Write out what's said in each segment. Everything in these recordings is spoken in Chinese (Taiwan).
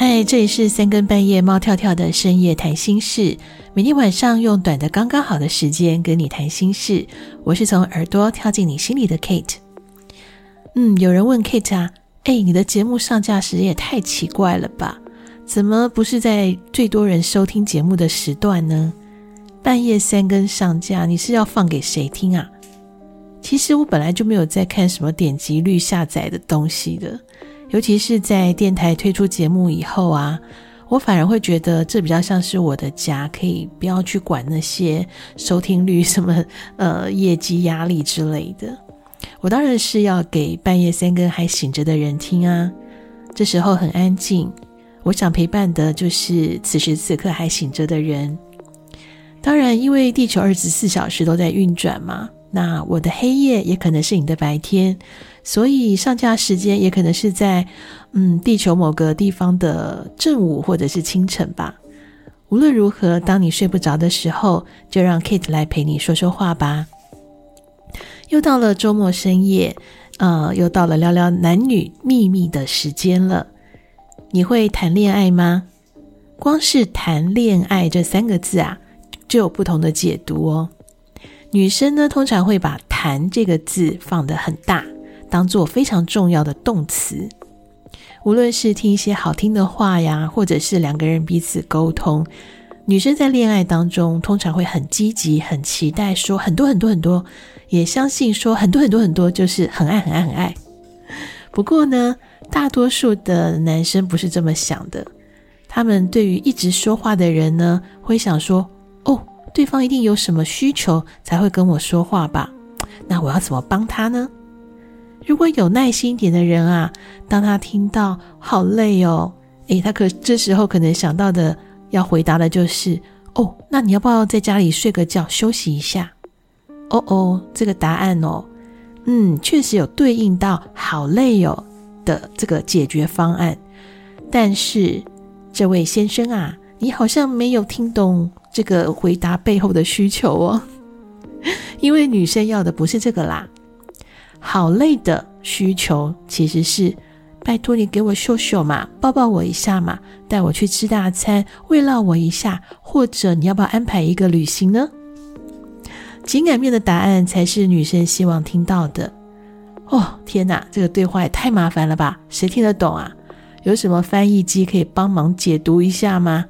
嗨，這裡是三更半夜貓跳跳的深夜談心室。每天晚上用短的剛剛好的時間跟你談心事，我是從耳朵跳進你心裡的 Kate。嗯，有人問 Kate 啊，哎、欸，你的節目上架時間也太奇怪了吧？怎麼不是在最多人收聽節目的時段呢？半夜三更上架，你是要放給誰聽啊？其實我本來就沒有在看什麼點擊率下載的東西的。尤其是在電台推出節目以後啊，我反而會覺得這比較像是我的家，可以不要去管那些收聽率，什麼，呃，業績壓力之類的。我當然是要給半夜三更還醒着的人聽啊，這時候很安靜，我想陪伴的就是此時此刻還醒着的人。當然，因為地球二十四小時都在運轉嘛。那我的黑夜也可能是你的白天，所以上架時間也可能是在，嗯，地球某個地方的正午或者是清晨吧。無論如何，當你睡不着的時候，就讓 Kate 來陪你說說話吧。又到了周末深夜，呃，又到了聊聊男女秘密的時間了。你會談戀愛嗎？光是談戀愛這三個字啊，就有不同的解讀哦。女生呢，通常會把“談”這個字放得很大，當做非常重要的動詞。無論是聽一些好聽的話呀，或者是兩個人彼此溝通，女生在戀愛當中通常會很積極、很期待，說很多很多很多，也相信說很多很多很多，就是很愛、很愛、很愛。不過呢，大多數的男生不是這麼想的，他們對於一直說話的人呢，會想說，對方一定有什麼需求才會跟我說話吧？那我要怎麼幫他呢？如果有耐心一點的人啊，當他聽到“好累哦”，誒，他可，這時候可能想到的，要回答的就是“哦，那你要不要在家裡睡個覺，休息一下？”哦哦，這個答案哦，嗯，確實有對應到“好累哦”的這個解決方案。但是，這位先生啊。你好像沒有聽懂這個回答背後的需求哦，因為女生要的不是這個啦，好累的需求其實是，拜托你給我秀秀嘛，抱抱我一下嘛，帶我去吃大餐，慰勞我一下，或者你要不要安排一個旅行呢？情感面的答案才是女生希望聽到的。哦，天哪，這個對話也太麻煩了吧？誰聽得懂啊？有什麼翻譯機可以幫忙解讀一下嗎？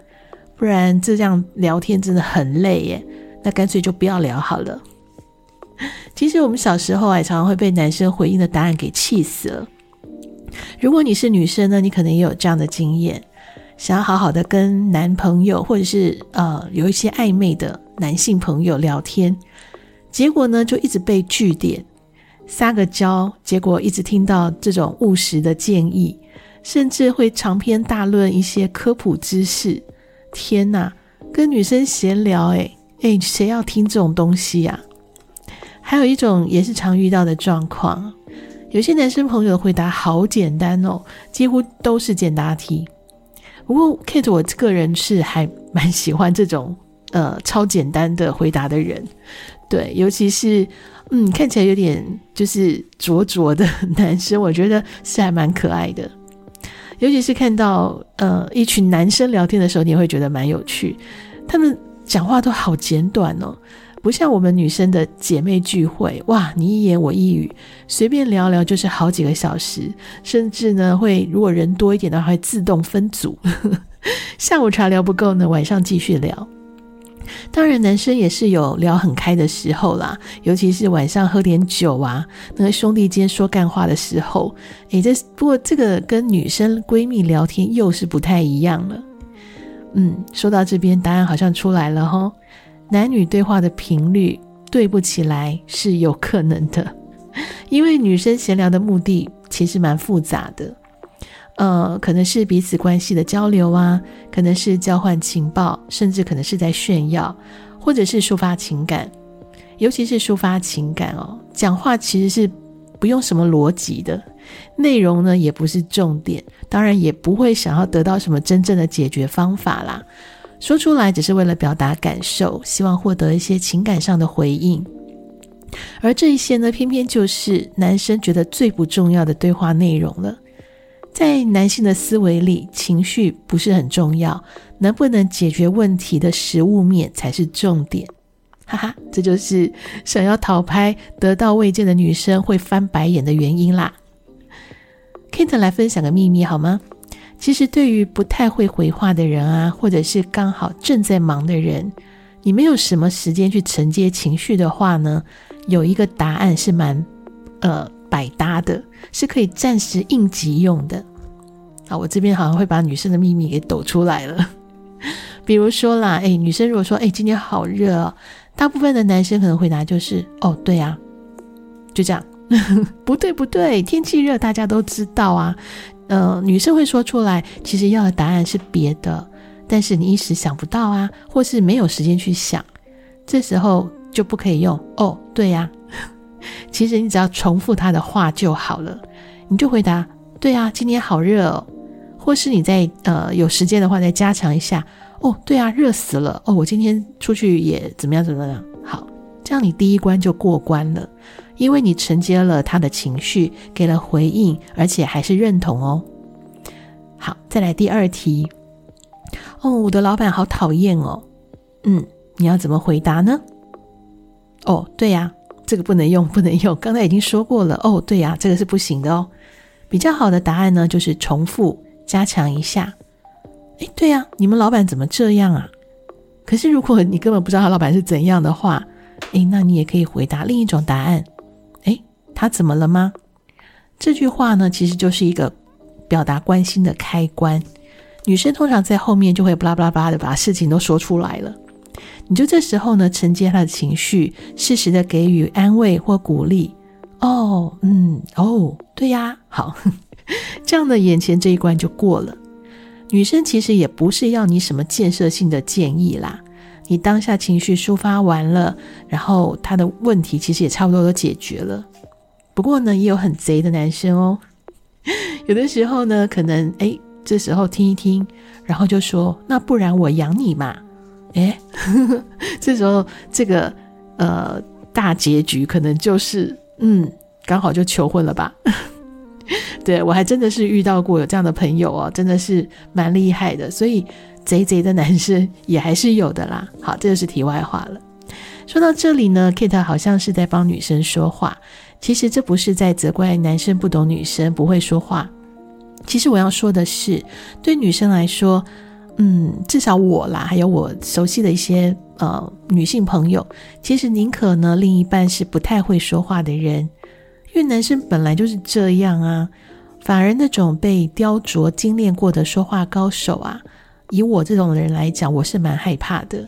不然這樣聊天真的很累耶，那乾脆就不要聊好了。其實我們小時候哎，常常會被男生回應的答案給氣死了。如果你是女生呢，你可能也有這樣的經驗：想要好好的跟男朋友或者是呃有一些曖昧的男性朋友聊天，結果呢就一直被句點，撒個嬌，結果一直聽到這種務實的建議，甚至會長篇大論一些科普知識。天吶，跟女生閒聊、欸，哎、欸、哎，誰要聽這種東西呀、啊？還有一種也是常遇到的狀況，有些男生朋友的回答好簡單哦，幾乎都是簡答題。不過 Kate，我個人是還蠻喜歡這種呃超簡單的回答的人，對，尤其是嗯看起來有點就是拙拙的男生，我覺得是還蠻可愛的。尤其是看到呃一群男生聊天的時候，你會覺得蠻有趣。他們講話都好簡短哦，不像我們女生的姐妹聚會哇，你一言我一語，隨便聊聊就是好幾個小時，甚至呢會如果人多一點的話，會自動分組。 下午茶聊不夠呢，晚上繼續聊。當然，男生也是有聊很開的時候啦，尤其是晚上喝點酒啊，那個兄弟間說幹話的時候。哎，這不過這個跟女生閨蜜聊天又是不太一樣了。嗯，說到這邊，答案好像出來了哈。男女對話的頻率對不起來是有可能的，因為女生閒聊的目的其實蠻複雜的。呃，可能是彼此關係的交流啊，可能是交換情報，甚至可能是在炫耀，或者是抒發情感，尤其是抒發情感哦。講話其實是不用什麼邏輯的，內容呢也不是重點，當然也不會想要得到什麼真正的解決方法啦。說出來只是為了表達感受，希望獲得一些情感上的回應，而這一些呢，偏偏就是男生覺得最不重要的對話內容了。在男性的思維裡，情緒不是很重要，能不能解決問題的實務面才是重點。哈哈，這就是想要討拍得到慰藉的女生會翻白眼的原因啦。Kate 來分享個秘密好嗎？其實對於不太會回話的人啊，或者是剛好正在忙的人，你沒有什麼時間去承接情緒的話呢，有一個答案是蠻，呃。百搭的，是可以暫時應急用的。好，我這邊好像會把女生的秘密給抖出來了。 比如說啦，哎，女生如果說，哎，今天好熱哦，大部分的男生可能回答就是，哦，對呀，啊，就這樣。 不對不對，天氣熱大家都知道啊。呃，女生會說出來，其實要的答案是別的，但是你一時想不到啊，或是沒有時間去想，這時候就不可以用。哦，對呀，啊。其實你只要重複他的話就好了，你就回答對啊，今天好熱哦。或是你在呃有時間的話再加強一下哦，對啊，熱死了哦，我今天出去也怎麼樣怎麼樣。好，這樣你第一關就過關了，因為你承接了他的情緒，給了回應，而且還是認同哦。好，再來第二題，哦，我的老闆好討厭哦。嗯，你要怎麼回答呢？哦，對呀。這個不能用，不能用，剛才已經說過了。哦，對呀，這個是不行的哦。比較好的答案呢，就是重複加強一下。哎，對呀，你們老闆怎麼這樣啊？可是如果你根本不知道他老闆是怎樣的話，哎，那你也可以回答另一種答案。哎，他怎麼了嗎？這句話呢，其實就是一個表達關心的開關。女生通常在後面就會巴拉巴拉巴拉的把事情都說出來了。你就這時候呢，承接他的情緒，適時的給予安慰或鼓勵。哦，嗯，哦，對呀，好， 這樣的眼前這一關就過了。女生其實也不是要你什麼建設性的建議啦，你當下情緒抒發完了，然後他的問題其實也差不多都解決了。不過呢，也有很賊的男生哦， 有的時候呢，可能哎，這時候聽一聽，然後就說，那不然我養你嘛。哎、欸， 這時候這個呃大結局可能就是嗯，剛好就求婚了吧？ 對，我還真的是遇到過有這樣的朋友哦，真的是蠻厲害的，所以賊賊的男生也還是有的啦。好，這就是題外話了。說到這裡呢，Kate 好像是在幫女生說話，其實這不是在責怪男生不懂女生不會說話，其實我要說的是，對女生來說。嗯，至少我啦，還有我熟悉的一些呃女性朋友，其實寧可呢，另一半是不太會說話的人，因為男生本來就是這樣啊。反而那種被雕琢、精煉過的說話高手啊，以我這種的人來講，我是蠻害怕的。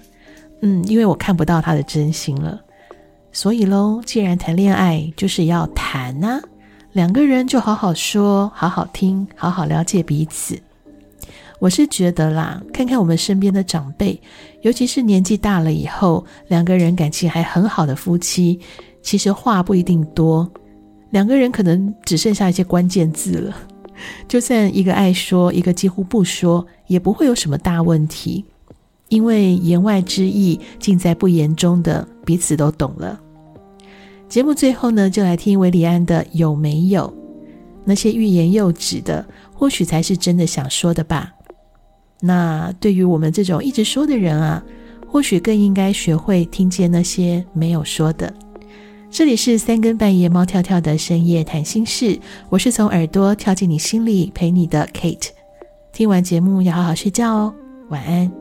嗯，因為我看不到他的真心了。所以嘍，既然談戀愛就是要談啊，兩個人就好好說，好好聽，好好了解彼此。我是覺得啦，看看我們身邊的長輩，尤其是年紀大了以後，兩個人感情還很好的夫妻，其實話不一定多，兩個人可能只剩下一些關鍵字了。就算一個愛說，一個幾乎不說，也不會有什麼大問題，因為言外之意、盡在不言中的，彼此都懂了。節目最後呢，就來聽韋禮安的《有沒有》。那些欲言又止的，或許才是真的想說的吧。那對於我們這種一直說的人啊，或許更應該學會聽見那些沒有說的。這裡是三更半夜貓跳跳的深夜談心室，我是從耳朵跳進你心裡陪你的 Kate。聽完節目要好好睡覺哦，晚安。